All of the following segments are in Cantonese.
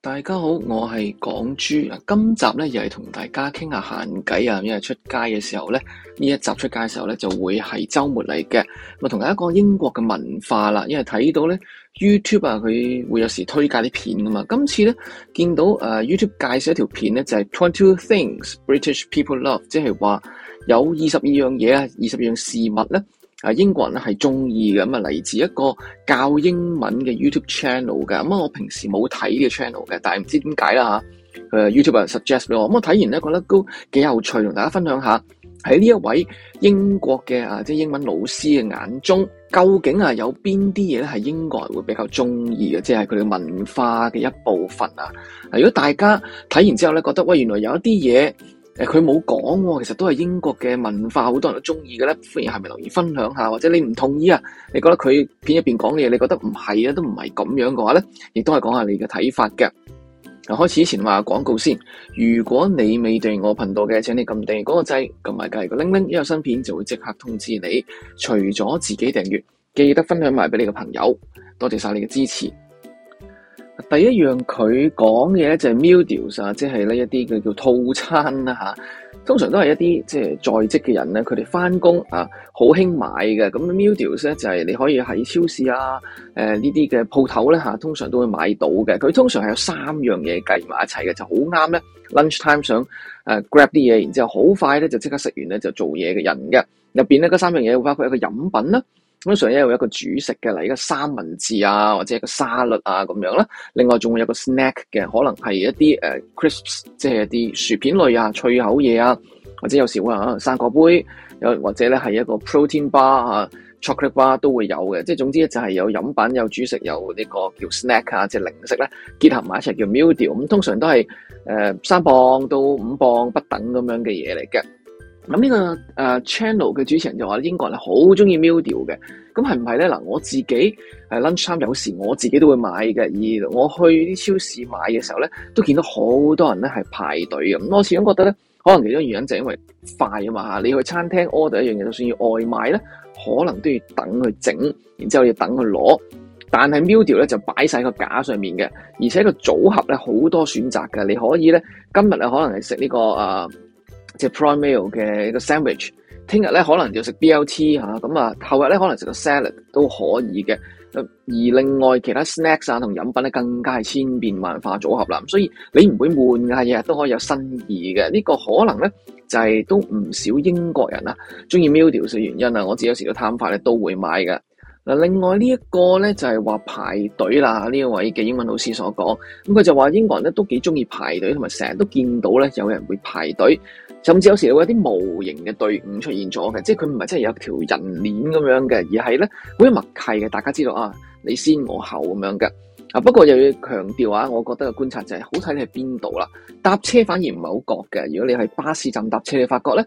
大家好，我是港豬。今集呢，又係同大家傾下閒偈啊，因為出街嘅時候呢，呢一集出街嘅時候呢，就會係周末嚟嘅。咁同大家講英國嘅文化啦，因為睇到呢 YouTube 啊，佢會有時推介啲片啊嘛。今次呢，見到誒、啊、YouTube 介紹一條片呢，就係、是、Twenty Two Things British People Love，即係話有二十二樣嘢啊，二十二樣事物呢。啊，英國人咧係中意嘅。咁啊，嚟自一個教英文嘅 YouTube channel 嘅。咁啊，我平時冇睇嘅 channel 嘅，但係唔知點解啦嚇。誒 YouTube suggest 俾我，咁我睇完咧覺得都幾有趣，同大家分享一下喺呢一位英國嘅啊即係英文老師嘅眼中，究竟啊有邊啲嘢咧係英國人會比較中意嘅，即係佢哋文化嘅一部分啊。如果大家睇完之後咧覺得，喂，原來有一啲嘢。誒佢冇講喎，其實都係英國嘅文化，好多人都中意嘅咧。歡迎係咪留意分享下，或者你唔同意啊？你覺得佢片入邊講嘢，你覺得唔係呀？都唔係咁樣嘅話咧，亦都係講下你嘅睇法嘅。嗱，開始之前話廣告先。如果你未訂我頻道嘅，請你撳訂嗰個掣，撳埋隔離個鈴鈴，一有新片就會即刻通知你。除咗自己訂閱，記得分享埋俾你嘅朋友。多謝晒你嘅支持。第一樣佢講嘅就係 meal deals 啊，即係呢一啲嘅叫做套餐啦，嚇，通常都係一啲即係在職嘅人咧，佢哋翻工啊好興買嘅。咁 meal deals 咧，就係你可以喺超市啊呢啲嘅鋪頭咧嚇，通常都會買到嘅。佢通常係有三樣嘢計埋一齊嘅，就好啱咧 lunch time 想誒 grab 啲嘢，然之後好快咧就即刻食完咧就做嘢嘅人嘅入面咧，嗰三樣嘢包括有一個飲品啦。通常咧有一個主食嘅，例如一個三文治啊，或者一個沙律啊咁樣啦。另外仲會有個 snack 嘅，可能係一啲、uh, crisps，即係啲薯片類啊、脆口嘢啊，或者有時會可能生果杯，有或者咧係一個 protein bar 啊、chocolate bar 都會有嘅。即係總之就係有飲品、有主食、有呢個叫 snack 啊，即係零食咧結合埋一齊叫 meal deal。咁通常都係誒三磅到五磅不等咁樣嘅嘢嚟嘅。咁、這、呢個誒 channel 嘅主持人就話英國人好中意 meal deal 嘅，咁係唔係咧嗱？我自己誒 lunch time 有時我自己都會買嘅，而我去啲超市買嘅時候咧，都見到好多人咧係排隊嘅。咁我始終覺得咧，可能其中原因就係因為快啊嘛嚇。你去餐廳 order 一樣嘢，就算要外賣咧，可能都要等佢整，然之後要等佢攞。但係 meal deal 咧就擺晒個架上面嘅，而且個組合咧好多選擇嘅，你可以咧今日啊可能係食呢個誒。呃食 prime meal 嘅一個 sandwich，聽日咧可能就食 B.L.T. 嚇、啊、咁啊，後日咧可能食個 salad 都可以嘅、啊。而另外其他 snacks 啊同飲品咧，更加係千變萬化組合啦。咁所以你唔會悶嘅，日日都可以有新意嘅。呢、這個可能咧就係、是、都唔少英國人啊，中意 meal deal 嘅原因啊。我自有時都貪快咧都會買嘅嗱、啊。另外這呢一個咧就係、是、話排隊啦。呢位嘅英文老師所講咁，佢、啊啊、就話英國人咧都幾中意排隊，同埋成日都見到咧有人會排隊。甚至有時你會有啲無形嘅隊伍出現咗嘅，即係佢唔係真係有條人鏈咁樣嘅，而係咧好有默契嘅。大家知道啊，你先我後咁樣嘅。啊不過又要強調啊，我覺得嘅觀察就係、是、好睇你係邊度啦。搭車反而唔係好覺嘅，如果你喺巴士站搭車，你發覺咧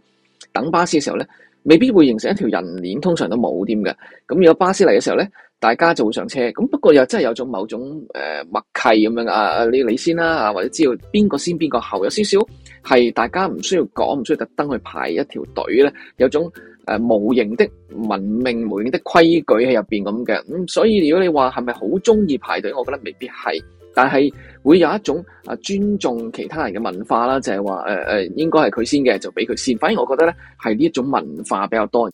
等巴士嘅時候咧，未必會形成一條人鏈，通常都冇添嘅。咁如果巴士嚟嘅時候咧，大家就會上車。咁不過又真係有種某種誒、呃、默契咁樣啊啊！你你先啦啊，或者知道邊個先邊個後有少少。係大家唔需要講，唔需要特登去排一條隊咧，有種誒、呃、無形的文明、無形的規矩喺入邊咁嘅。咁、嗯、所以如果你話係咪好中意排隊，我覺得未必係，但係會有一種啊尊重其他人嘅文化啦，就係話誒誒應該係佢先嘅就俾佢先。反而我覺得咧係呢一種文化比較多。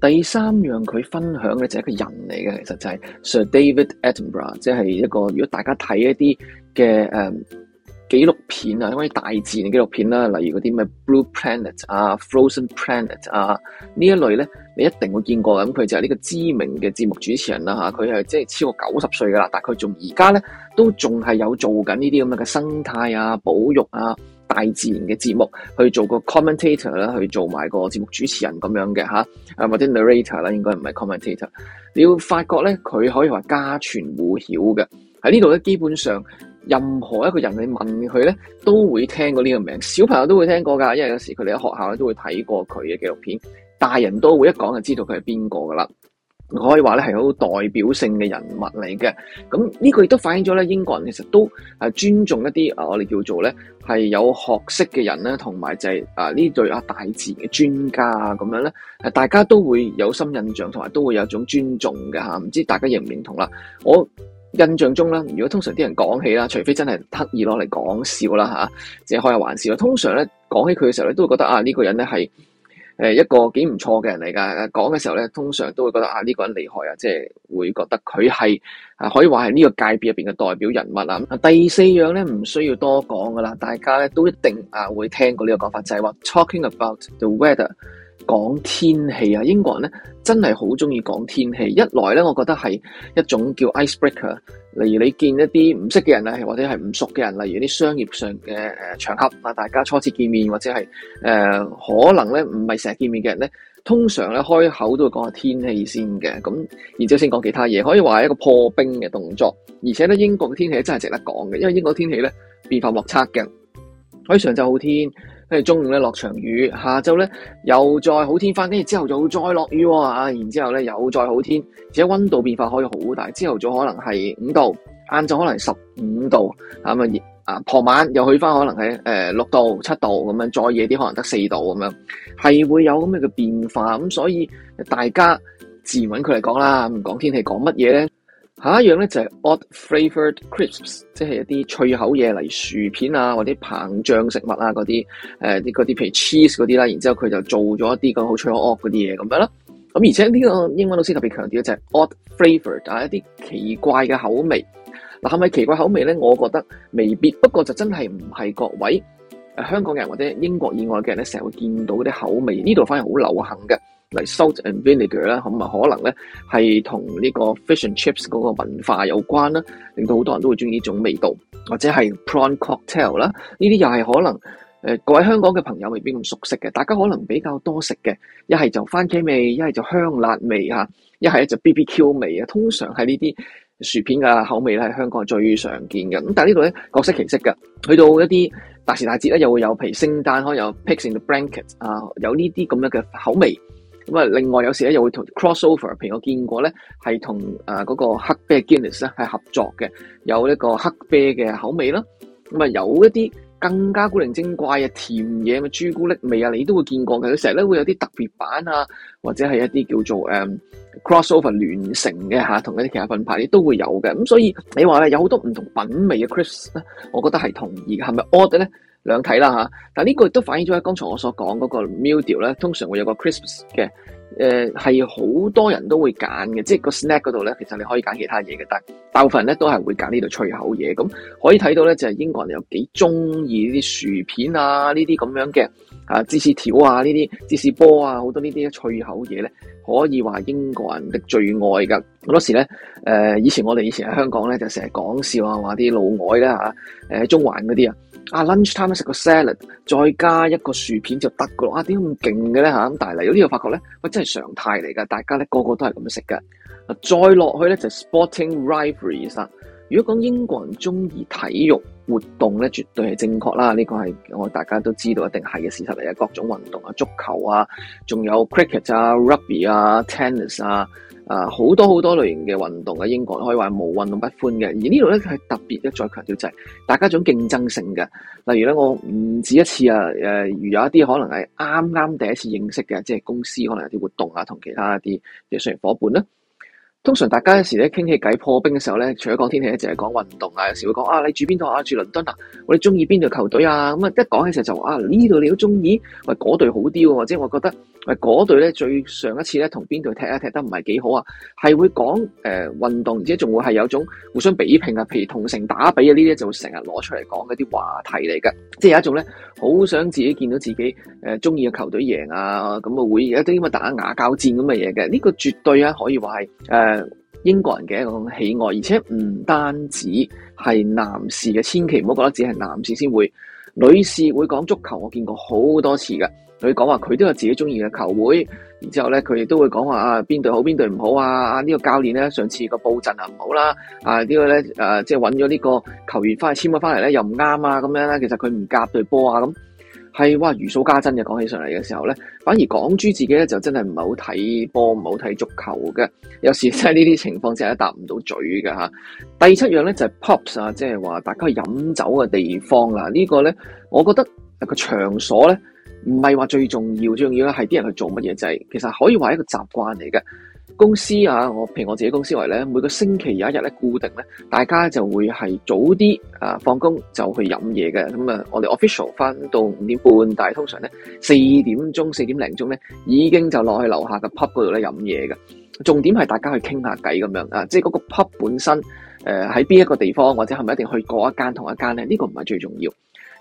第三樣佢分享嘅就係一個人嚟嘅，其實就係 Sir David Attenborough，即係一個如果大家睇一啲嘅誒紀錄片啊，關於大自然紀錄片啦，例如嗰啲咩 Blue Planet 啊、Frozen Planet 啊呢一類咧，你一定會見過咁。佢就係呢個知名嘅節目主持人啦嚇，佢係即係超過九十歲噶啦，但佢仲而家咧都仲係有做緊呢啲咁嘅生態啊、保育啊、大自然嘅節目去做個 commentator 啦，去做埋個，個節目主持人咁樣嘅嚇啊或者 narrator 啦，應該唔係 commentator。你要發覺咧，佢可以話家傳戶曉嘅喺呢度咧，基本上。任何一個人你問佢咧，都會聽過呢個名，小朋友都會聽過㗎，因為有時佢哋喺學校咧都會睇過佢嘅紀錄片，大人都會一講就知道佢係邊個㗎啦。我可以話咧係好代表性嘅人物嚟嘅，咁呢個亦都反映咗咧英國人其實都係尊重一啲啊我哋叫做咧係有學識嘅人咧，同埋就係啊呢對啊大自然嘅專家啊咁樣咧，啊大家都會有深印象，同埋都會有一種尊重嘅嚇，唔知大家認唔認同啦？我。印象中咧，如果通常啲人講起啦，除非真係刻意攞嚟講笑啦嚇，即係開下玩笑。通常咧講起佢嘅時候咧，都會覺得啊呢個人咧係誒一個幾唔錯嘅人嚟噶。講嘅時候咧，通常都會覺得啊呢個人厲害啊，即係會覺得佢係啊可以話係呢個界別入邊嘅代表人物啊。第四樣咧唔需要多講噶啦，大家咧都一定啊會聽過呢個講法，就係話 talking about the weather。講天氣啊，英國人咧真係好中意講天氣。一來咧，我覺得係一種叫 icebreaker，例如你見一啲唔識嘅人咧，或者係唔熟嘅人，例如啲商業上嘅誒場合啊，大家初次見面或者係誒、呃、可能咧唔係成日見面嘅人咧，通常咧開口都會講下天氣先嘅。咁然之後先講其他嘢，可以話係一個破冰嘅動作。而且咧，英國嘅天氣真係值得講嘅，因為英國嘅天氣咧變化莫測嘅。可以上晝好天。跟住中午咧落場雨，下晝咧又再好天翻，跟住朝頭早又再落雨喎、哦、然之後咧又再好天，而且溫度變化可以好大，朝頭早可能係五度，晏晝可能十五度，咁啊啊傍晚又去翻可能係六度七度咁樣，再夜啲可能得四度咁樣，係、嗯、會有咁嘅變化咁，所以大家自揾佢嚟講啦，唔講天氣講乜嘢咧？下一樣咧就係 odd flavored crisps，即係一啲脆口嘢嚟薯片啊，或者膨脹食物啊嗰啲，誒啲嗰啲譬如 cheese 嗰啲啦，然之後佢就做咗一啲咁好脆好 odd 嗰啲嘢咁樣啦。咁而且呢個英文老師特別強調就係 odd flavored，就係一啲奇怪嘅口味。嗱係咪奇怪口味咧？我覺得未必，不過就真係唔係各位、呃、香港人或者英國以外嘅人咧，成日會見到嗰啲口味。呢度反而好流行嘅。嚟、like、salt and vinegar 咁啊，可能咧係同呢個 fish and chips 嗰個文化有關啦，令到好多人都會中意呢種味道，或者係 prawn cocktail 啦，呢啲又係可能誒、呃、各位香港嘅朋友未必咁熟悉嘅，大家可能比較多食嘅一係就番茄味，一係就香辣味，一係咧就 BBQ 味啊。通常係呢啲薯片嘅口味咧，喺香港係最常見嘅。咁但係呢度咧各式其式嘅，去到一啲大時大節咧，又會有譬如聖誕可能有 pigs in the blanket 啊，有呢啲咁樣嘅口味。咁啊，另外有時咧又會同 crossover，譬如我見過咧，係同啊嗰個黑啤 Guinness 咧係合作嘅，有一個黑啤嘅口味啦，咁啊，有一啲更加古靈精怪嘅甜嘢咪朱古力味啊，你都會見過嘅。佢成日咧會有啲特別版啊，或者係一啲叫做、um, crossover 聯乘嘅嚇，同一啲其他品牌你都會有嘅。咁所以你話咧，有好多唔同品味嘅 crisps 咧，我覺得係同意嘅，係咪？order 咧？兩睇啦吓，但呢個亦都反映咗喺剛才我所講嗰個 meal deal 咧，通常會有個 crisps 嘅，誒係好多人都會揀嘅，即係個 snack 嗰度咧，其實你可以揀其他嘢嘅，但大部分人咧都係會揀呢度脆口嘢。咁可以睇到咧，就係、是、英國人有幾中意呢啲薯片啊，呢啲咁樣嘅啊芝士條啊，呢啲芝士波啊，好多呢啲脆口嘢咧，可以話英國人的最愛㗎。好多時咧，誒、呃、以前我哋以前喺香港咧，就成日講笑啊，話啲老外啦，嚇，誒中環嗰啲啊。啊，lunch time 食個 salad，再加一個薯片就得噶啦。啊，點解咁勁嘅咧嚇？但係嚟到呢度發覺咧，喂、哎，真係常態嚟噶，大家咧個個都係咁食㗎。啊，再落去咧就係、sporting rivalries 啊。如果講英國人中意體育活動咧，絕對係正確啦。呢、呢個係我大家都知道一定係嘅事實嚟嘅，各種運動啊，足球啊，仲有 cricket 啊、rugby 啊、tennis 啊。啊！好多好多類型嘅運動喺英國可以話冇運動不歡嘅，而呢度咧係特別一再強調就係、是，大家種競爭性嘅。例如咧，我唔止一次啊，誒、呃，如有一啲可能係啱啱第一次認識嘅，即係公司可能有啲活動啊，同其他一啲即係商業伙伴啦。通常大家有時咧傾起偈破冰嘅時候咧，除咗講天氣咧，就係講運動啊。有時會講啊，你住邊度啊？住倫敦啊？我哋中意邊隊球隊啊？咁啊，一講起時就就啊，呢度你都中意，喂，嗰隊好啲喎，即係我覺得，喂，嗰隊咧最上一次咧同邊隊踢啊，踢得唔係幾好啊，係會講誒運動，而且仲會係有種互相比拼啊，譬如同城打比啊，呢啲就成日攞出嚟講嗰啲話題嚟嘅，即係有一種咧好想自己見到自己誒中意嘅球隊贏啊，咁啊會一啲咁打牙交戰咁嘅嘢嘅。呢個絕對啊，可以話係誒。呃英國人嘅一種喜愛，而且唔單止係男士嘅，千祈唔好覺得只係男士先會，女士會講足球，我見過好多次嘅，佢講話佢都有自己中意嘅球會，然之後咧佢亦都會講話啊邊隊好邊隊唔好啊，呢、啊呢個教練咧上次個布陣啊唔好啦，啊、呢個、呢個咧誒即係揾咗呢個球員翻去簽咗翻嚟咧又唔啱啊咁樣咧，其實佢唔夾隊波啊咁。係哇，如數家珍嘅講起上嚟嘅時候咧，反而港豬自己咧就真係唔係唔好睇波，唔好睇足球嘅。有時真係呢啲情況真係答唔到嘴嘅、啊。第七樣咧就係 pubs 啊，即係話大家飲酒嘅地方啦。呢個咧，我覺得個場所咧唔係話最重要，最重要咧係啲人去做乜嘢就係、係、其實可以話一個習慣嚟嘅。公司啊，我譬如我自己公司嚟咧，每個星期有一日咧固定咧，大家就會係早啲啊放工就去飲嘢嘅。咁啊，我哋 official 翻到五點半，但係通常咧四點鐘、四點零鐘咧，已經就落去樓下嘅 pub 嗰度咧飲嘢嘅。重點係大家去傾下偈咁樣啊，即係嗰個 pub 本身誒喺邊一個地方，或者係咪一定去過一間同一間咧，呢個唔係最重要。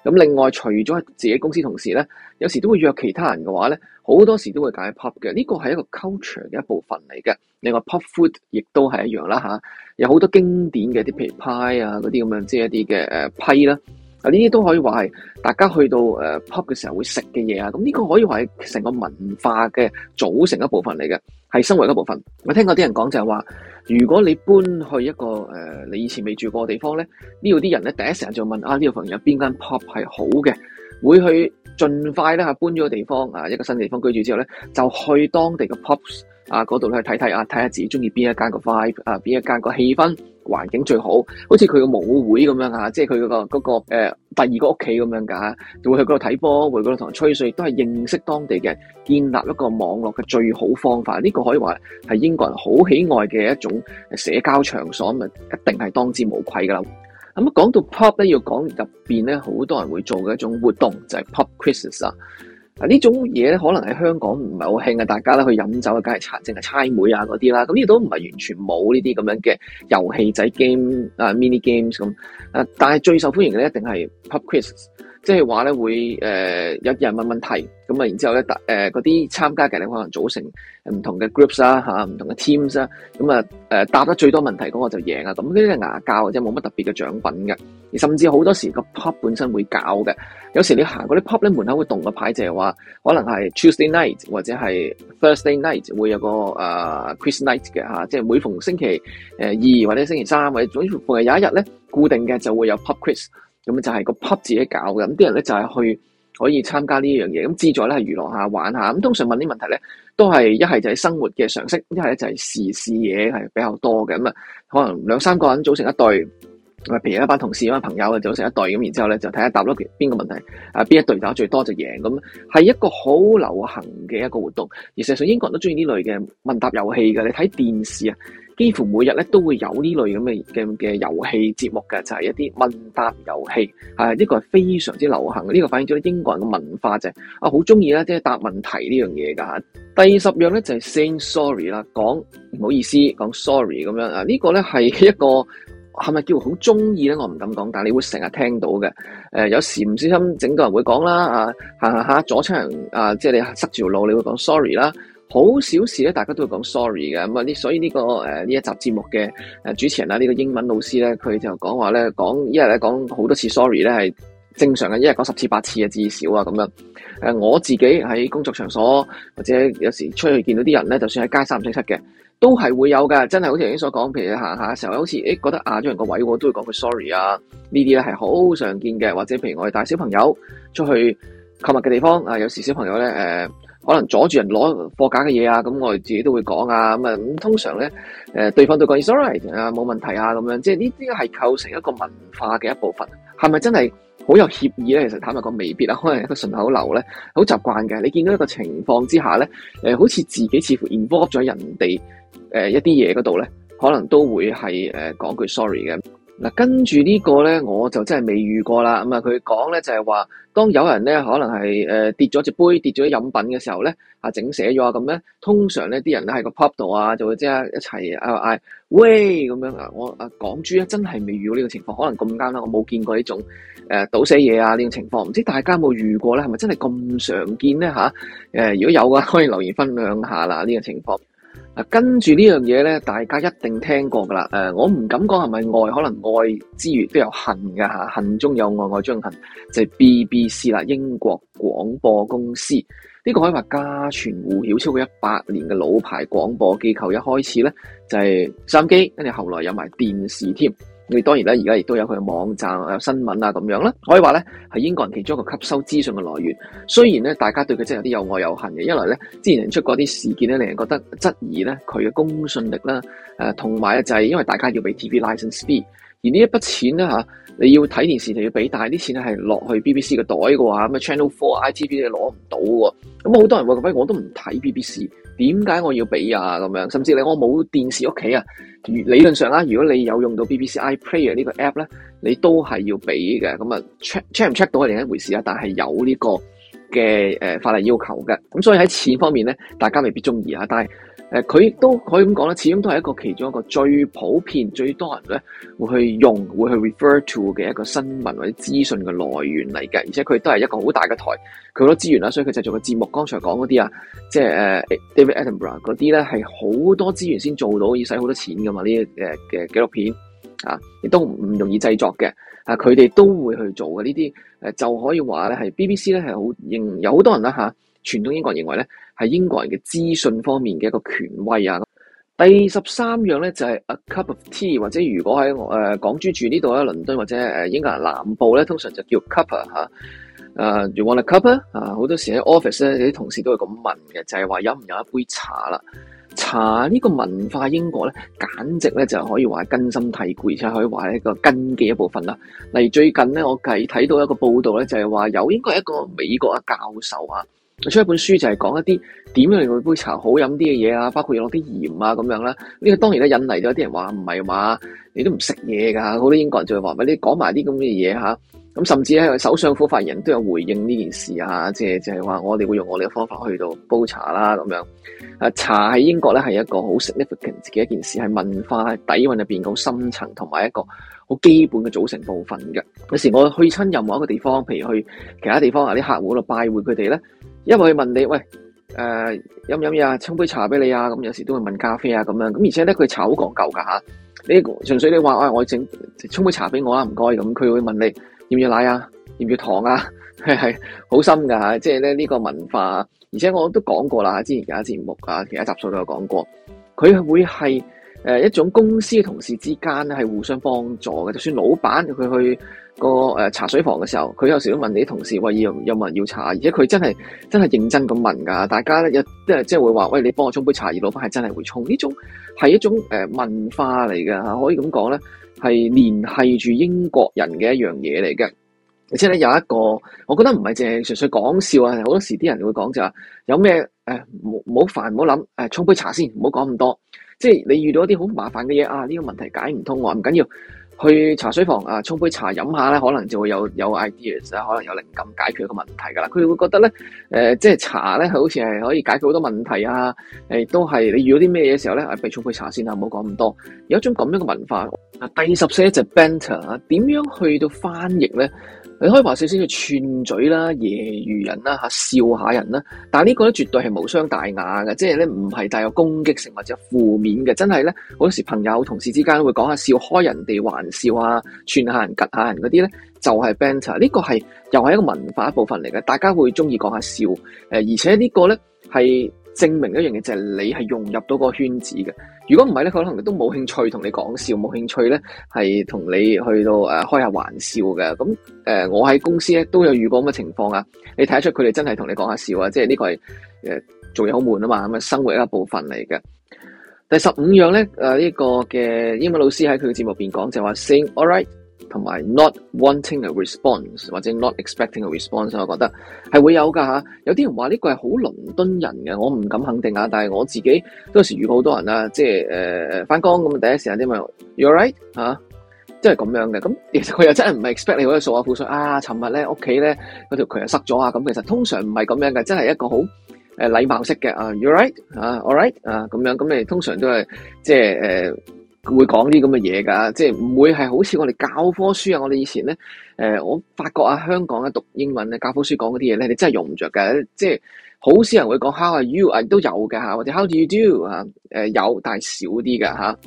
咁另外除咗自己公司同事咧，有時都會約其他人嘅話咧，好多時都會揀 pub 嘅。呢個係一個 culture 嘅一部分嚟嘅。另外，pub food 亦都係一樣啦嚇。有好多經典嘅啲譬如 pie 啊，嗰啲咁樣即係一啲嘅批啦，啊呢啲都可以話係大家去到 pub 嘅時候會食嘅嘢啊。咁呢個可以話係成個文化嘅組成一部分嚟嘅。係生活的一部分，我聽過啲人講就係、是、話，如果你搬去一個誒、呃，你以前未住過嘅地方咧，呢度啲人咧，第一時間就問啊，呢度附近有邊間 pub 係好嘅，會去盡快咧吓，搬咗個地方啊，一個新地方居住之後咧，就去當地嘅 pubs 啊嗰度去睇睇啊，睇下、啊、自己中意邊一間個 vibe 啊，邊一間個氣氛。環境最好，好似佢個舞會咁樣啊，即係佢、嗰個、嗰個、呃、第二個屋企咁樣㗎，就會去嗰度睇波，會去嗰度同人吹水，都係認識當地嘅人，建立一個網絡嘅最好方法。呢、呢個可以話係英國人好喜愛嘅一種社交場所，咪一定係當之無愧㗎啦。咁講到 pub 咧，要講入面咧，好多人會做嘅一種活動就係、是、pub Christmas 啊。嗱呢種嘢咧，可能喺香港唔係好興啊！大家咧去飲酒啊，梗係查證啊、猜妹啊嗰啲啦。咁呢都唔係完全冇呢啲咁樣嘅遊戲仔 game 啊、mini games 咁、啊。但係最受歡迎嘅咧，一定係 pub quiz。即係話咧，會誒有啲人問問題，咁啊然之後咧嗰啲參加嘅，你可能組成唔同嘅 groups 啦，唔同嘅 teams 啦，咁啊誒答得最多問題嗰個就贏啦，咁呢啲係牙膠或者冇乜特別嘅獎品嘅。甚至好多時個 pub 本身會搞嘅，有時你行嗰啲 pub 咧，門口會動個牌，就係話可能係 Tuesday night 或者係 Thursday night 會有個 quiz night 嘅，即係每逢星期二或者星期三或者總之逢有一日咧固定嘅就會有 pub quiz。咁就係個 pub 自己搞嘅，咁啲人咧就係、是、去可以參加呢樣嘢，咁資助咧係娛樂下、玩下。咁通常問啲問題咧，都係一係就係生活嘅常識，一係咧就係時事嘢係比較多嘅。咁啊，可能兩三個人組成一隊，譬如一班同事啊、朋友啊組成一隊，咁然之後咧就睇下答咯，邊個問題啊？邊一隊答最多就贏。咁係一個好流行嘅一個活動，而事實上英國人都中意呢類嘅問答遊戲嘅。你睇電視啊！幾乎每日咧都會有呢類咁嘅嘅嘅遊戲節目嘅，就係一啲問答遊戲，啊，呢個係非常之流行嘅，呢個反映咗英國人嘅文化啫。啊，好中意啦，即係答問題呢樣嘢㗎。第十樣咧就係 say sorry 啦，講唔好意思，講 sorry 咁樣啊，呢個咧係一個係咪叫好中意咧？我唔敢講，但係你會成日聽到嘅。有時唔小心整個人會講啦，啊，行嚇下左車人啊，即係你塞住路，你會講 sorry 啦。好少事咧，大家都會講 sorry 嘅。咁啊！呢所以呢、呢個誒呢、呃、一集節目嘅誒主持人啊呢、呢個英文老師咧，佢就講話咧講一日咧講好多次 sorry 咧係正常嘅，一日講十次八次啊至少啊咁樣。誒、呃、我自己喺工作場所或者有時出去見到啲人咧，就算喺街三唔識七嘅，都係會有噶。真係好似頭先所講，譬如行下嘅時候，好似誒覺得壓咗、啊、人個位，我都會講句 sorry 啊。呢啲咧係好常見嘅，或者譬如我哋帶小朋友出去購物嘅地方啊、呃，有時小朋友咧誒。呃可能阻住人攞貨架嘅嘢啊，咁我哋自己都會講啊，咁啊咁通常咧，誒、呃、對方都講 sorry 啊，冇問題啊，咁樣，即係呢啲係構成一個文化嘅一部分，係咪真係好有協議咧？其實坦白講未必啦，可能一個順口流咧，好習慣嘅。你見到一個情況之下咧、呃，好似自己似乎 involve 咗人哋誒、呃、一啲嘢嗰度咧，可能都會係誒講句 sorry 嘅。嗱，跟住呢個咧，我就真係未遇過啦。咁、嗯、啊，佢講咧就係、是、話，當有人咧可能係誒跌咗隻杯，跌咗飲品嘅時候咧，啊整瀉咗啊咁咧，通常咧啲人咧喺個 pub 度啊，就會即係一齊嗌喂咁樣啊。我啊港豬咧真係未遇過呢個情況，可能咁啱啦，我冇見過呢種誒倒瀉嘢啊呢種情況。唔知大家有冇遇過咧？係咪真係咁常見咧？嚇、啊呃、如果有嘅，可以留言分享下啦呢、這個情況。啊，跟住呢樣嘢呢，大家一定聽過噶啦。誒、呃，我唔敢講係咪愛，可能愛之馀都有恨噶吓，恨中有愛，愛中有恨。就係、是、BBC 啦，英國廣播公司呢、這個可以話家傳戶曉，超過一百年嘅老牌廣播機構。一開始呢，就係收音機，跟住後，後來有埋電視添。你當然啦，而家亦都有佢嘅網站、有新聞啊咁樣啦，可以話咧係英國人其中一個吸收資訊嘅來源。雖然咧，大家對佢真係有啲有愛有恨嘅，一來咧之前出過啲事件咧，令人覺得質疑咧佢嘅公信力啦。誒，同埋咧就係因為大家要俾 TV licence fee。而呢一筆錢咧吓，你要睇電視就要俾，但係啲錢係落去 BBC 嘅袋嘅話，咁啊 Channel Four、ITV 你攞唔到喎。咁好多人話：喂，我都唔睇 BBC，點解我要俾啊？咁樣，甚至你我冇電視屋企啊。理論上啦，如果你有用到 BBC iPlayer 呢個 app 咧，你都係要俾嘅。咁啊 check check 唔 check 到係另一回事啊，但係有呢個嘅、呃、法例要求嘅。咁所以喺錢方面咧，大家未必中意啊，但係。誒佢都可以咁講咧，始終都係一個其中一個最普遍、最多人咧會去用、會去 refer to 嘅一個新聞或者資訊嘅來源嚟㗎。而且佢都係一個好大嘅台，佢好多資源啦，所以佢製作嘅節目，剛才講嗰啲啊，即係誒 David Attenborough 嗰啲咧，係好多資源先做到，要使好多錢㗎嘛。呢啲誒嘅紀錄片啊，亦都唔容易製作嘅。啊，佢哋都會去做嘅呢啲誒，就可以話咧係 BBC 咧係好有好多人啦、吓傳統英國人認為咧係英國人嘅資訊方面嘅一個權威啊！第十三樣咧就係、是、a cup of tea，或者如果喺、呃、港豬住這裡呢度咧，倫敦或者誒英格蘭南部咧，通常就叫 cuppa 啊！誒，you want a cuppa 啊？好多時喺 office 咧，啲同事都會咁問嘅，就係、是、話有唔有一杯茶啦、啊？茶呢個文化英國咧，簡直咧就可以話根深蒂固，而且可以話係一個根基嘅一部分啦、啊。例如最近咧，我計睇到一個報道咧，就係、是、話有英國一個美國嘅教授啊。出一本書就係講一啲點樣令到杯茶好飲啲嘅嘢啊，包括用啲鹽啊咁樣啦。呢個當然咧引嚟咗啲人話唔係嘛，你都唔食嘢㗎。好多英國人就會話，喂，你講埋啲咁嘅嘢吓。咁甚至係首相府發言人都有回應呢件事啊，即係就係話我哋會用我哋嘅方法去到煲茶啦咁樣。啊，茶喺英國咧係一個好 significant 嘅一件事，係文化底蘊入邊好深層同埋一個好基本嘅組成部分嘅。有時我去親任何一個地方，譬如去其他地方啊，啲客戶度拜會佢哋咧。因為佢問你喂，誒、呃、飲唔飲嘢啊？沖杯茶俾你啊！咁、嗯、有時都會問咖啡啊咁樣。咁而且咧，佢茶好講究㗎嚇。你純粹你話啊，我整沖杯茶俾我啦，唔該咁。佢、嗯、會問你要唔要奶啊？要唔要糖啊？係係好深㗎嚇。即係咧呢個文化。而且我都講過啦，之前其他節目啊，其他集數都有講過。佢會係誒、呃、一種公司嘅同事之間咧係互相幫助嘅。就算老闆佢去個誒茶水房嘅時候，佢有時都問你啲同事，喂，有冇人要茶？而且佢真係真係認真咁問噶。大家咧有即係即係會話，喂，你幫我沖杯茶，而老闆，係真係會沖。呢種係一種誒、呃、文化嚟㗎。吓，可以咁講咧，係聯繫住英國人嘅一樣嘢嚟嘅。而且咧有一個，我覺得唔係淨係純粹講笑啊！好多時啲人會講就話，是，有咩誒唔好煩唔好諗，誒、呃、沖杯茶先，唔好講咁多。即係你遇到一啲好麻煩嘅嘢啊，呢、這個問題解唔通，唔、啊、緊要。去茶水房啊，沖杯茶飲下咧，可能就會有有 ideas、啊、可能有靈感解決一個問題噶啦。佢哋會覺得咧，誒、呃，即係茶咧，好似係可以解決好多問題啊！呃、都係你遇到啲咩嘢時候咧，誒、啊，俾沖杯茶先啦、啊，唔好講咁多。有一種咁樣嘅文化。啊、第十四隻 banter，點樣去到翻譯咧？你可以話少少嘅串嘴啦、揶揄人啦、吓笑下人啦，但係呢個咧絕對係無傷大雅嘅，即係咧唔係帶有攻擊性或者負面嘅。真係咧好多時朋友同事之間會講下笑開人哋玩笑啊，串下人、及下人嗰啲咧就係 banter。呢個係又係一個文化一部分嚟嘅，大家會中意講下笑誒，而且呢個咧係證明一樣嘢就係、是、你係融入到個圈子嘅。如果唔係咧，佢可能都冇興趣同你講笑，冇興趣咧係同你去到誒開下玩笑嘅。咁誒，我喺公司咧都有遇過咁嘅情況啊。你睇得出佢哋真係同你講下笑啊。即係呢個係誒做嘢好悶啊嘛，咁啊生活一部分嚟嘅。第十五樣咧，誒、這、呢個嘅英文老師喺佢嘅節目入邊講就話 Sing all right。同埋 not wanting a response 或者 not expecting a response，我覺得係會有噶嚇。有啲人話呢個係好倫敦人嘅，我唔敢肯定啊。但係我自己都有時遇過好多人呀，即係返翻工咁第一時間啲咪：「you're right 嚇、啊，即係咁樣嘅。咁其實佢又真係唔係 expect 你嗰啲數啊、負數啊。尋日咧屋企咧嗰條渠啊塞咗啊，咁其實通常唔係咁樣嘅，真係一個好誒禮貌式嘅啊。You're right 啊，All right 啊，咁樣咁你通常都係即係、呃會講啲咁嘅嘢㗎，即係唔會係好似我哋教科書啊，我哋以前咧，誒、呃，我發覺啊，香港咧讀英文咧，教科書講嗰啲嘢咧，你真係用唔着嘅。即係好少人會講 how are you 啊，都有嘅吓，或者 how do you do 啊，呃，有但係少啲嘅吓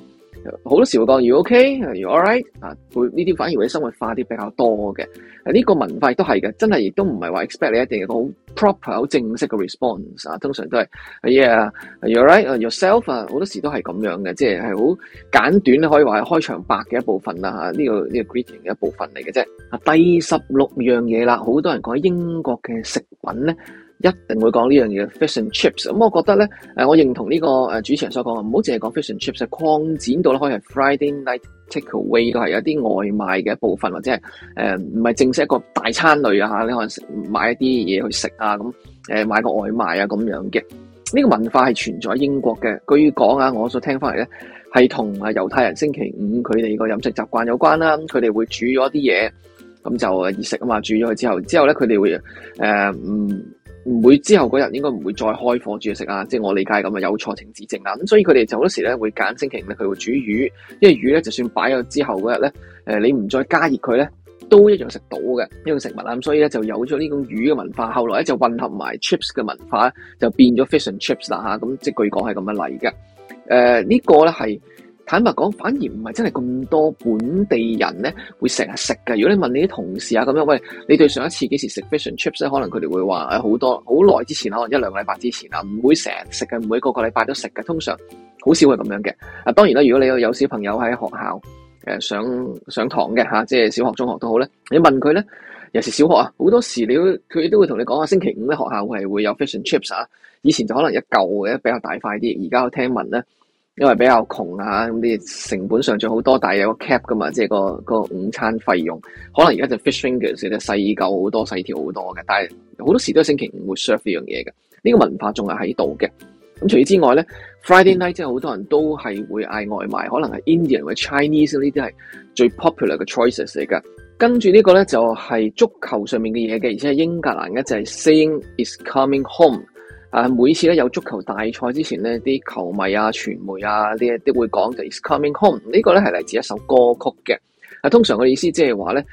好多時會講 You OK，You、okay? All Right 啊，會呢啲反而會生活化啲比較多嘅。呢個文化都係嘅，真係亦都唔係話 expect 你一定係個好 proper、好正式嘅 response 啊。通常都係 Yeah，You All Right，Yourself 啊，好、yeah, you 多時都係咁樣嘅，即係係好簡短，可以話係開場白嘅一部分啦。吓、這個，呢個呢個 greeting 嘅一部分嚟嘅啫。啊，第十六樣嘢啦，好多人講英國嘅食品咧。一定會講呢樣嘢，fish and chips。咁我覺得咧，誒，我認同呢個誒主持人所講，唔好淨係講 fish and chips，係擴展到咧可以係 Friday night takeaway，都係有啲外賣嘅一部分，或者係誒唔係正式一個大餐類啊嚇。你可能食買一啲嘢去食啊，咁誒買個外賣啊咁樣嘅。呢、這個文化係存在英國嘅。據講啊，我所聽翻嚟咧係同啊猶太人星期五佢哋個飲食習慣有關啦。佢哋會煮咗啲嘢，咁就熱食啊嘛，煮咗佢之後，之後咧佢哋會誒、呃唔會之後嗰日應該唔會再開火煮食啊，即係我理解咁啊，有錯請指正啊，咁所以佢哋就好多時咧會揀星期五咧佢會煮魚，因為魚咧就算擺咗之後嗰日咧，誒你唔再加熱佢咧，都一樣食到嘅呢種食物啊，咁所以咧就有咗呢種魚嘅文化，後來咧就混合埋 chips 嘅文化，就變咗 fish and chips 啦嚇，咁即係據講係咁樣嚟嘅，誒呢個咧係。坦白講，反而唔係真係咁多本地人咧會成日食嘅。如果你問你啲同事啊咁樣，喂，你對上一次幾時食 fish and chips？啊、可能佢哋會話、啊、好多好耐之前、啊、可能一兩個禮拜之前啊唔會成日食嘅，唔會每個個禮拜都食嘅，通常好少會咁樣嘅。嗱、啊、當然啦，如果你有小朋友喺學校上上堂嘅即係小學、中學都好咧，你問佢咧，尤其小學啊，好多時你佢都會同你講啊，星期五咧學校會係會有 fish and chips 啊。以前就可能一嚿嘅比較大塊啲，而家我聽聞咧。因為比較窮啊，咁啲成本上仲好多，但係有個 cap 噶嘛，即係、個、個午餐費用，可能而家就 fish fingers 咧細嚿好多細條好多嘅，但係好多時都係星期五會 serve 呢樣嘢嘅。呢、呢個文化仲係喺度嘅。咁除此之外呢 Friday night 即係好多人都係會嗌外賣，可能係 Indian 或者 Chinese 呢啲係最 popular 嘅 choices 嚟噶。跟住呢個呢就係、係、足球上面嘅嘢嘅，而且係英格蘭就係 saying is coming home。啊！每次咧有足球大賽之前咧，啲球迷啊、傳媒啊，啲一啲會講就 It's coming home 個呢個咧係嚟自一首歌曲嘅。啊，通常嘅意思即係話咧，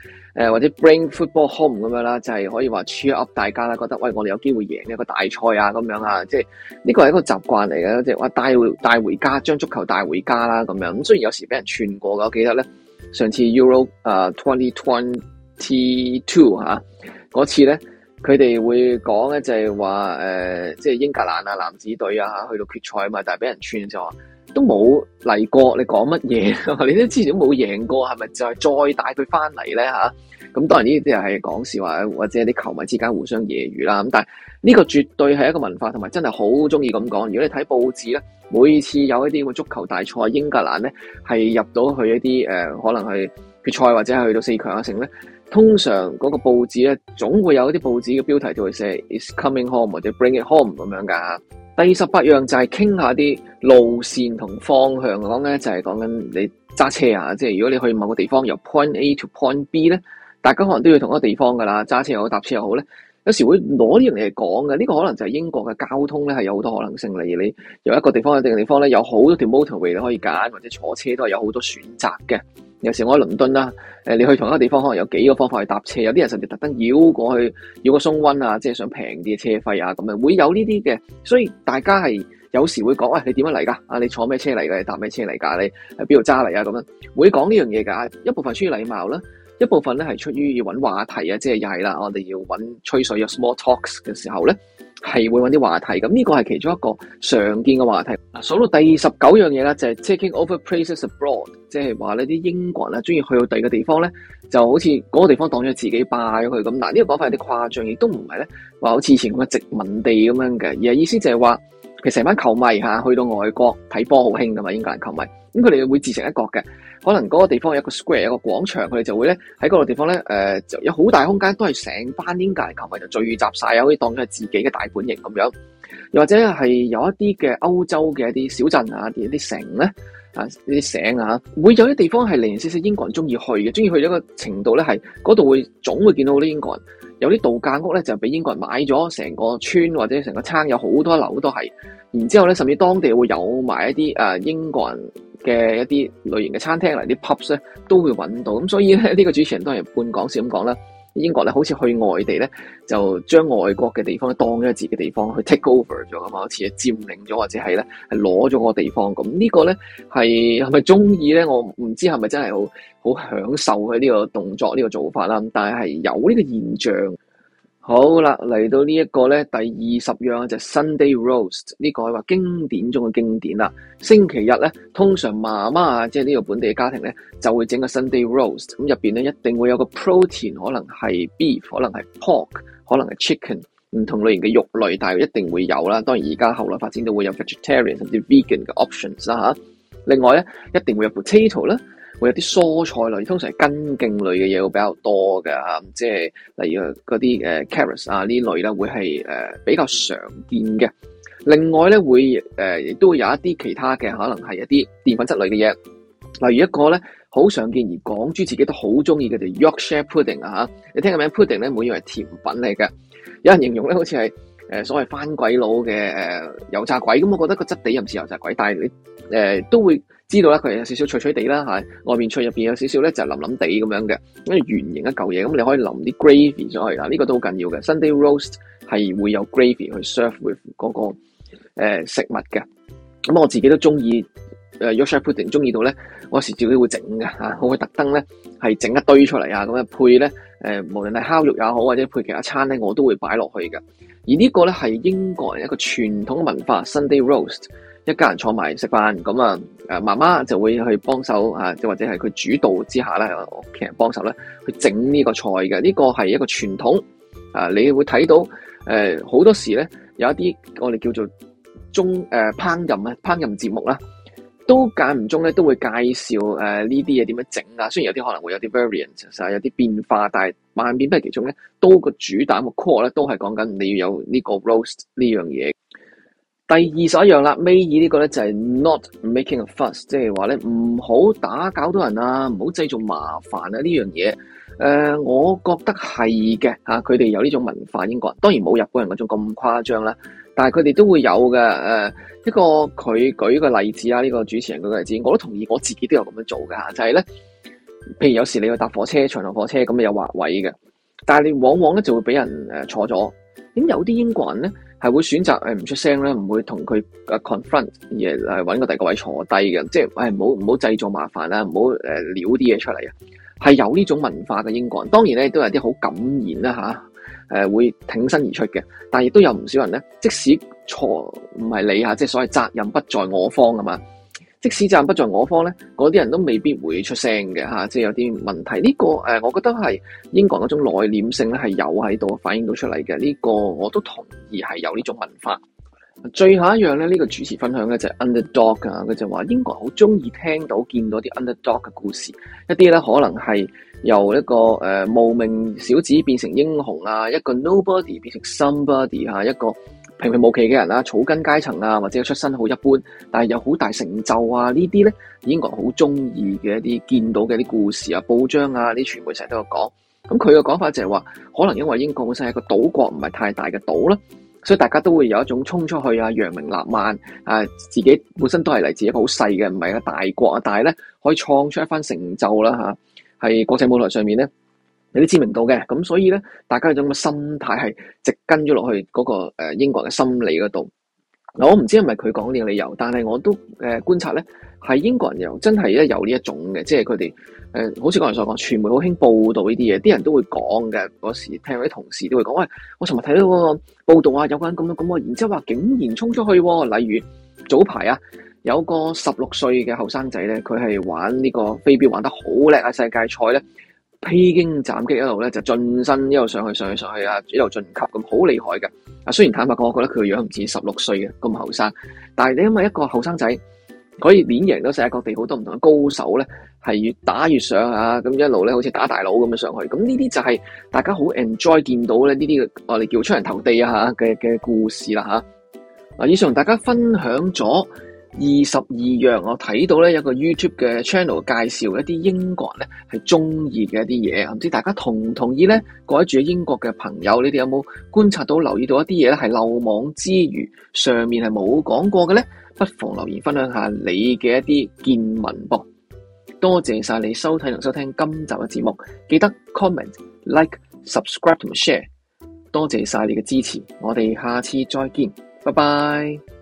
或者 bring football home 咁樣啦，就係、是、可以話 cheer up 大家啦，覺得喂我哋有機會贏一個大賽啊咁樣啊，即係呢個係一個習慣嚟嘅，即係話帶回家，將足球帶回家啦咁樣。咁、嗯、雖然有時俾人串過嘅，我記得咧上次 Euro 誒 twenty twenty two 嗰次咧。佢哋會講咧，就係話誒，即係英格蘭啊，男子隊啊，去到決賽啊嘛，但係俾人串就話都冇嚟過，你講乜嘢？ 你都之前都冇贏過，係咪就係再帶佢翻嚟咧吓？咁當然呢啲係講笑話，或者啲球迷之間互相揶揄啦。咁但係呢個絕對係一個文化，同埋真係好中意咁講。如果你睇報紙咧，每次有一啲咁嘅足球大賽，英格蘭咧係入到去一啲、呃、可能係決賽或者係去到四強一剩咧。通常嗰個報紙咧，總會有一啲報紙嘅標題就會寫 It's coming home 或者 bring it home 咁樣噶。第二十八樣就係傾下啲路線同方向講咧，就係講緊你揸車啊，即係如果你去某個地方由 point A to point B 咧，大家可能都要同一個地方噶啦，揸車又好搭車又好咧，有時會攞啲人嚟講嘅。呢、這個可能就係英國嘅交通咧，係有好多可能性嚟。你由一個地方去另一個地方咧，有好多，多條 motorway 你可以揀，或者坐車都係有好多選擇嘅。有時我喺倫敦啦，誒你去同一個地方可能有幾個方法去搭車，有啲人甚至特登繞過去，繞個松温啊，即係想平啲嘅車費啊，咁樣會有呢啲嘅，所以大家係有時會講，喂、哎、你點樣嚟㗎？啊你坐咩車嚟㗎？搭咩車嚟㗎？你喺邊度揸嚟啊？咁樣會講呢樣嘢㗎，一部分出於禮貌啦。一部分咧係出於要揾話題啊，即係又係啦，我哋要揾吹水有 small talks 嘅時候咧，係會揾啲話題。咁呢個係其中一個常見嘅話題。嗱、啊，數到第十九樣嘢呢，就係、是、taking over places abroad，即係話呢啲英國人啊，中意去到第二個地方咧，就好似嗰個地方當咗自己霸咗佢咁。嗱，呢、啊呢個講法有啲誇張，亦都唔係咧話好似以前咁嘅殖民地咁樣嘅，而係意思就係話，其實成班球迷下去到外國睇波好興噶嘛，英國人球迷，咁佢哋會自成一國嘅。可能嗰個地方有一個 square，有一個廣場，佢哋就會咧喺嗰個地方咧，誒、呃，就有好大空間，都係成班英格蘭球迷就聚集晒，啊，可以當佢係自己嘅大本營咁樣。又或者係有一啲嘅歐洲嘅一啲小鎮啊，一啲城咧啊，一啲城啊，會有啲地方係零零星星英國人中意去嘅，中意去嘅一個程度咧，係嗰度會總會見到啲英國人。有啲度假屋咧就俾英國人買咗成個村或者成個撐，有好多樓都係。然之後咧，甚至當地會有埋一啲誒、呃、英國人，嘅一啲類型嘅餐廳，嚟啲 pub 咧都會揾到，咁所以咧呢個主持人當然半講笑咁講啦。英國咧好似去外地咧，就將外國嘅地方當咗自己嘅地方去 take over 咗咁嘛，好似係佔領咗或者係咧係攞咗個地方，咁呢個咧係係咪中意咧？我唔知係咪真係好好享受佢呢個動作呢個做法啦，但係有呢個現象。好啦，嚟到呢一個咧，第二十樣就係 Sunday roast，呢個係話經典中嘅經典啦。星期日咧，通常媽媽啊，即係呢個本地嘅家庭咧，就會整個 Sunday roast。咁入邊咧一定會有個 protein，可能係 beef，可能係 pork，可能係 chicken，唔同類型嘅肉類，但係一定會有啦。當然而家後來發展都會有 vegetarian 甚至 vegan 嘅 options 啦、啊、另外咧，一定會有 potato 啦。會有啲蔬菜類，通常係根莖類嘅嘢會比較多嘅，即、啊、係例如嗰啲誒 carrots 啊類呢類咧會係誒、呃、比較常見嘅。另外咧會誒亦、呃、都會有一啲其他嘅，可能係一啲澱粉質類嘅嘢。例如一個咧好常見而港豬自己都好中意嘅就是、Yorkshire pudding 啊吓，你聽個名 pudding 咧，每樣係甜品嚟嘅。有人形容咧好似係誒所謂翻鬼佬嘅誒油炸鬼咁、嗯，我覺得個質地又唔似油炸鬼，但係你誒、呃、都會。知道啦，佢有少少脆脆地啦，係外面脆入面，入邊有少少咧就係、是、淋淋地咁樣嘅，跟住圓形一嚿嘢，咁、嗯、你可以淋啲 gravy 上去啦呢、呢個都好緊要嘅。Sunday roast 係會有 gravy 去 serve with 嗰、那個誒、呃、食物嘅。咁、嗯、我自己都中意誒 Yorkshire pudding 中意到咧，我時自己都會整嘅吓，我會特登咧係整一堆出嚟啊，咁啊配咧誒、呃，無論係烤肉也好，或者配其他餐咧，我都會擺落去嘅，而個呢個咧係英國人一個傳統文化，Sunday roast。一家人坐埋食飯，咁啊，媽媽就會去幫手啊，即或者係佢主導之下咧，屋企人幫手咧，去整呢個菜嘅。呢個係一個傳統啊，你會睇到好多時咧，有一啲我哋叫做中誒烹飪啊、烹飪節目啦，都間唔中咧都會介紹呢啲嘢點樣整啊。雖然有啲可能會有啲 variant，實係有啲變化，但係萬變不離其宗咧，都個主打個 core 咧都係講緊你要有呢個 roast 呢樣嘢。第二十一樣啦，第二呢個咧就係 not making a fuss，即係話咧，唔好打攪到人啊，唔好製造麻煩啊呢樣嘢。誒、呃，我覺得係嘅，吓佢哋有呢種文化，英國人當然冇日本人嗰種咁誇張啦，但係佢哋都會有嘅。誒、呃，一個佢舉個例子啊呢、這個主持人舉個例子，我都同意，我自己都有咁樣做噶，就係、是、咧，譬如有時你去搭火車、長途火車咁，有劃位嘅，但係你往往咧就會俾人誒坐咗。咁有啲英國人咧，係會選擇哎、唔出聲咧，唔會同佢 confront，而係揾個第二個位坐低嘅，即係唔好唔好製造麻煩啦，唔好誒撩啲嘢出嚟嘅，係有呢種文化嘅英國人。當然咧，都有啲好敢言啦嚇，會挺身而出嘅，但係亦都有唔少人咧，即使錯唔係你嚇，即係所謂責任不在我方啊嘛。即使站不在我方咧，嗰啲人都未必會出聲嘅吓，即係有啲問題呢個誒，我覺得係英國人嗰種內斂性咧，係有喺度反映到出嚟嘅。呢個我都同意係有呢種文化。最後一樣咧，呢個主持分享嘅就係 underdog 啊，佢就話英國人好中意聽到見到啲 underdog 嘅故事，一啲咧可能係由一個誒無名小子變成英雄啊，一個 nobody 變成 somebody，吓一個。平平無奇嘅人，草根階層啊，或者出身好一般，但係有好大成就啊！呢啲咧英國好中意嘅一啲見到嘅啲故事啊、報章啊、啲傳媒成日都有講。咁佢嘅講法就係話，可能因為英國本身係個島國，唔係太大嘅島啦，所以大家都會有一種衝出去啊、揚名立萬啊，自己本身都係嚟自一好細嘅，唔係一個大國啊，但係咧可以創出一番成就啦嚇，喺國際舞台上面咧。有啲知名度嘅，咁所以咧，大家有種嘅心態係直跟咗落去嗰個誒英國人嘅心理嗰度。我唔知係咪佢講呢個理由，但係我都誒觀察咧，係英國人又真係有呢一種嘅，即係佢哋誒，好似剛才所講，傳媒好興報道呢啲嘢，啲人都會講嘅。嗰時聽啲同事都會講：喂，我尋日睇到嗰個報道啊，有個人咁樣咁啊，然之後話竟然衝出去啊。例如早排啊，有個十六歲嘅後生仔咧，佢係玩呢個飛鏢玩得好叻啊，世界賽咧。披荊斬棘一路咧就晉身一路上去上去上去啊，一路晉級咁好厲害嘅啊，雖然坦白講，我覺得佢個樣唔似十六歲嘅咁後生，但係你因為一個後生仔可以連贏到世界各地好多唔同嘅高手咧，係越打越上下咁一路咧好似打大佬咁樣上去。咁呢啲就係大家好 enjoy 見到咧呢啲我哋叫出人頭地啊嘅嘅故事啦吓。以上同大家分享咗。二十二樣，我睇到咧有個 YouTube 嘅 channel 介紹一啲英國人咧係中意嘅一啲嘢，唔知大家同唔同意呢？各位住喺英國嘅朋友，你哋有冇觀察到、留意到一啲嘢咧？係漏網之魚上面係冇講過嘅呢？不妨留言分享下你嘅一啲見聞噃。多謝晒你收睇同收聽今集嘅節目，記得 comment、like、subscribe 同 share。多謝晒你嘅支持，我哋下次再見，拜拜。